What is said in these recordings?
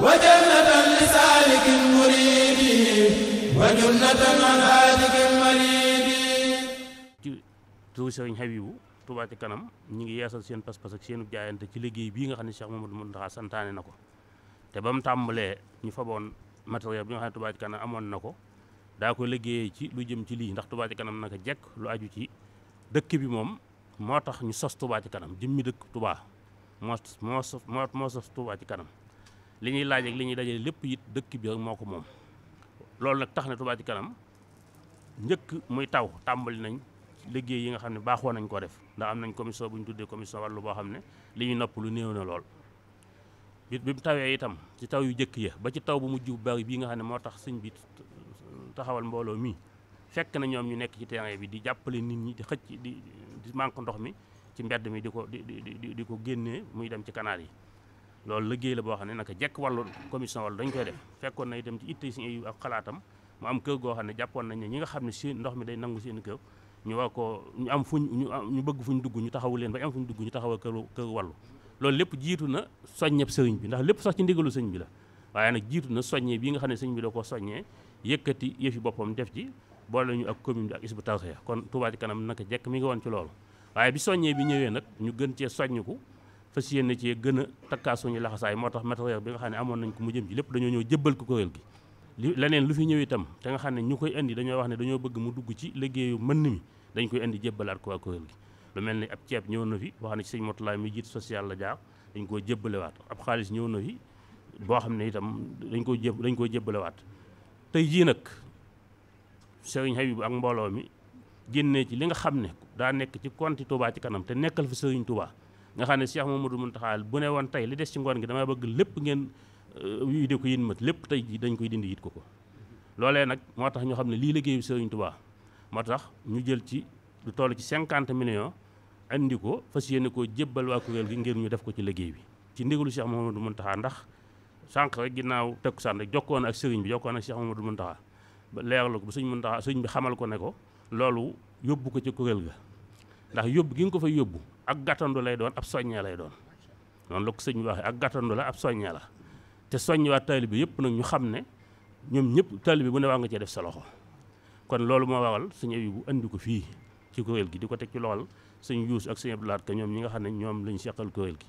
wa jannatan li saalikin muridi wa jannatan an haadikin maridi ci turu Serigne Habibou Touba ci kanam ñu ngi yeesal seen pas-pas ak seenu jaayante ci liggéey bii nga xam ne Cheikh Mamadou Mountakha santaane na ko te ba mu tàmbalee ñu faboon matériel bi nga xam ne Touba ci kanam amoon na ko daa ko liggéeyee ci lu jëm ci lii ndax Touba ci kanam naka jekk lu aju ci dëkk bi moom moo tax ñu sos Touba ci kanam jëm mi dëkk Touba moo moo sos moo sos ci kanam li ñuy laaj ak li ñuy dajale lépp it dëkk bi moo ko moom loolu nag tax na Touba kanam njëkk muy taw tàmbali nañ liggéey yi nga xam ne baaxoo nañ ko def ndax am nañ commission bu ñu tuddee commission wàllu boo xam ne li ñuy nopp lu néew na lool bi bi mu tawee itam ci taw yu njëkk ya ba ci taw bu mujj bu bari bii nga xam ne moo tax sëñ bi taxawal mbooloo mi fekk na ñoom ñu nekk ci terrain bi di jàppale nit ñi di xëcc di di manque ndox mi ci mbedd mi di ko di di ko génnee muy dem ci kanaal yi loolu liggéey la boo xam ne naka jekk wàllu commission wàllu dañ koy def fekkoon na itam ci ittay si ak xalaatam mu xam ne jàppoon nañ ne ñi nga xam ne seen ndox mi day nangu seen kër ñu war ko ñu am fuñ ñu ñu bëgg fuñ dugg ñu taxawu leen ba am fuñ dugg ñu taxaw kër kër wàllu loolu lépp jiitu na soññeb sëriñ bi ndax lépp sax ci ndigalu sëñ bi la waaye nag jiitu na soññee bi nga xam ne sëñ bi da ko soññee yëkkati yëfi boppam def ci boole ñu ak commune bi ak bu Tarqiyyah kon Touba ci kanam naka jekk mi ngi woon ci loolu waaye bi soññee bi ñëwee nag ñu gën cee soññiku fas yéene cee gën a takkaa suñu laxasaay moo tax matériel bi nga xam ne amoon nañ ko mu jëm ci lépp dañoo ñëw jëbbal ko kuréel gi li leneen lu fi ñëw itam te nga xam ne ñu koy indi dañoo wax ne dañoo bëgg mu dugg ci liggéeyu mën mi dañ koy indi jébbalaat ko waa kuréel gi lu mel ni ab ceeb ñëw na fi wax na ci sëñ Motulaay mi jiit social la jaar dañ koo jébbalewaat ab xaalis ñëw na fi boo xam ne itam dañ koo jé dañ koo jébbalewaat tey jii nag sëriñ Habib ak mbooloo mi génnee ci li nga xam ne daa nekk ci konti Touba ci kanam te nekkal fi sëriñ Touba nga xam ne Cheikh Mamadou Mountakha bu ne woon tey li des ci ngoon gi damaa bëgg lépp ngeen euh, yu de ko yéen mat lépp tey ji dañ koy dindi yit ko ko loolee nag moo tax ñu xam ne lii liggéeyu Sëriñ Tuubaa moo tax ñu jël ci lu toll ci cinquante millions indi ko fas yéene ko jébbal waa kuréel gi ngir ñu def ko ci liggéey bi ci ndigalu du Mamadou Mountakha ndax sànq rek ginnaaw saan rek jokkoon ak sëriñ bi jokkoon ak Cheikh Mamadou Mountakha ba leerlu ko ba sëriñ Mountakha sëriñ bi xamal ko ne ko loolu yóbbu ko ci kuréel ga ndax yóbbu gi ko fay yóbbu ak gàttandu lay doon ab soññee lay doon noonu la ko sëñ bi waxee ak gàttandu la ab soññee la te soññewaat taalibe yëpp nag ñu xam ne ñoom ñëpp taalibe bu ne waa nga cee def sa loxo kon loolu moo waral sëñ bu indi ko fii ci kuréel gi di ko teg ci loxol sëñ Yuus ak sëñ Abdu Lahat ka ñoom ñi nga xam ne ñoom lañu seqal kuréel gi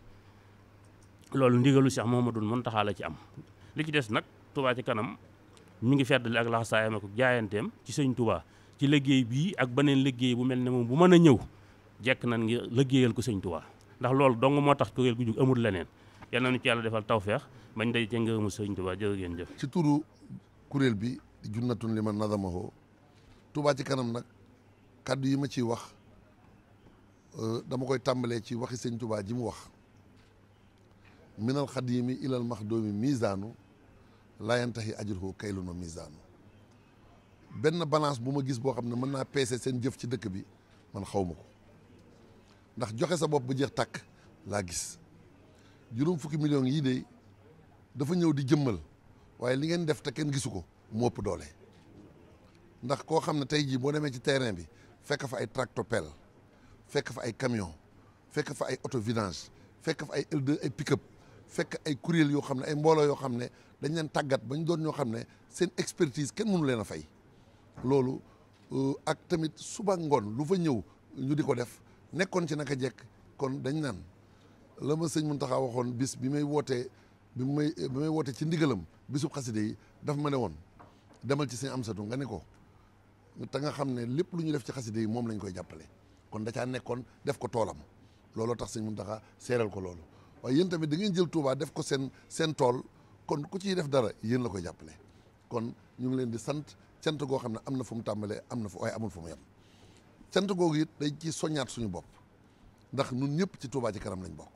loolu ndigalu Cheikh Mouhamadoul Mountakha la ci am li ci des nag tubaa ci kanam mu ngi feddali ak laxasaayam ak jaayanteem ci sëñ Touba ci liggéey bii ak beneen liggéey bu mel ne moom bu mën a ñëw jekk nan ngir liggéeyal ko sëñ Tuubaa ndax loolu dong moo tax kuréel gu jug amul leneen yal na ñu ci yàlla defal tawfeex bañ day ca ngërëmu sëñ Tuubaa jërë ngeen jëf ci turu kuréel bi junnatun liman nadamahu Tuubaa ci kanam nag kàddu yi ma ciy wax euh, dama koy tàmbalee ci waxi sëñ Tuubaa ji mu wax minal xadiimi ilal maxdoomi misaanu layantaxi ajruhu kaylunu misaanu benn balance bu ma gis boo xam ne mën naa peese seen jëf ci dëkk bi man xaw ma ko ndax joxe sa bopp bu jeex tàkk laa gis juróom fukki million yii de dafa ñëw di jëmmal waaye li ngeen def te kenn gisu ko moo ëpp doole ndax koo xam ne tey jii boo demee ci terrain bi fekk fa ay tractopelle fekk fa ay camion fekk fa ay auto vidange fekk fa ay l ay pick-up fekk ay kuréel yoo xam ne ay mbooloo yoo xam ne dañ leen tàggat ba doon ñoo xam ne seen expertise kenn mënu leen a fay loolu euh, ak tamit suba ngoon lu fa ñëw ñu di ko def nekkoon ci naka jekk kon dañ naan la ma sëñ mun Mountakha waxoon bis bi may wootee bi may bi may wootee ci ndigalam bisub xaside yi daf ma ne woon demal ci sëñ Amsatu nga ne ko te nga xam ne lépp lu ñu def ci xaside yi moom lañ koy jàppale kon da caa nekkoon def ko toolam looloo tax sëñ Mountakha seeral ko loolu waaye yéen tamit dangay jël tuubaa def ko seen seen tool kon ku ciy def dara yéen la koy jàppale kon ñu ngi leen di sant sant goo xam ne am na fu mu tàmbalee am na fu waaye amul fu mu yem cant googu yit dañ ci soñaat suñu bopp ndax nun ñëpp ci Touba ci kanam lañ bokk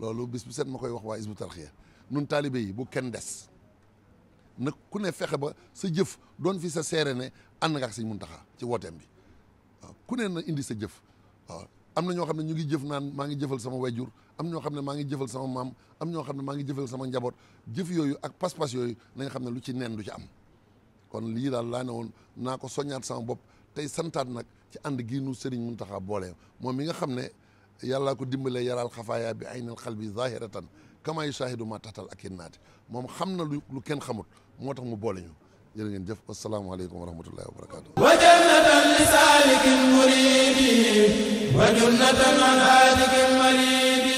loolu bis bu set ma koy wax waa Hizbut Tarqiyyah nun taalibe yi bu kenn des nag ku ne fexe ba sa jëf doon fi sa seere ne ànd nga ak mun Muntaxa ci wooteem bi ku ne na indi sa jëf waaw am na ñoo xam ne ñu ngi jëf naan maa ngi jëfal sama wayjur am ñoo xam ne maa ngi jëfal sama maam am ñoo xam ne maa ngi jëfal sama njaboot jëf yooyu ak pas-pas yooyu nañ xam ne lu ci neen lu ci am kon lii daal laa naa ko soññaat sama bopp tey santaat nag ci ànd gii nu Sëriñ Muntaxa boole moom mi nga xam ne yàllaa ko dimbale yaral xafaaya bi aynal xalbi zahiratan kama yusahidu ma taxtal ak naati moom xam na lu lu kenn xamut moo tax mu boole ñu jërë ngeen jëf wa rahmatullahi wa barakaatu wa jannatan li saalikin muridi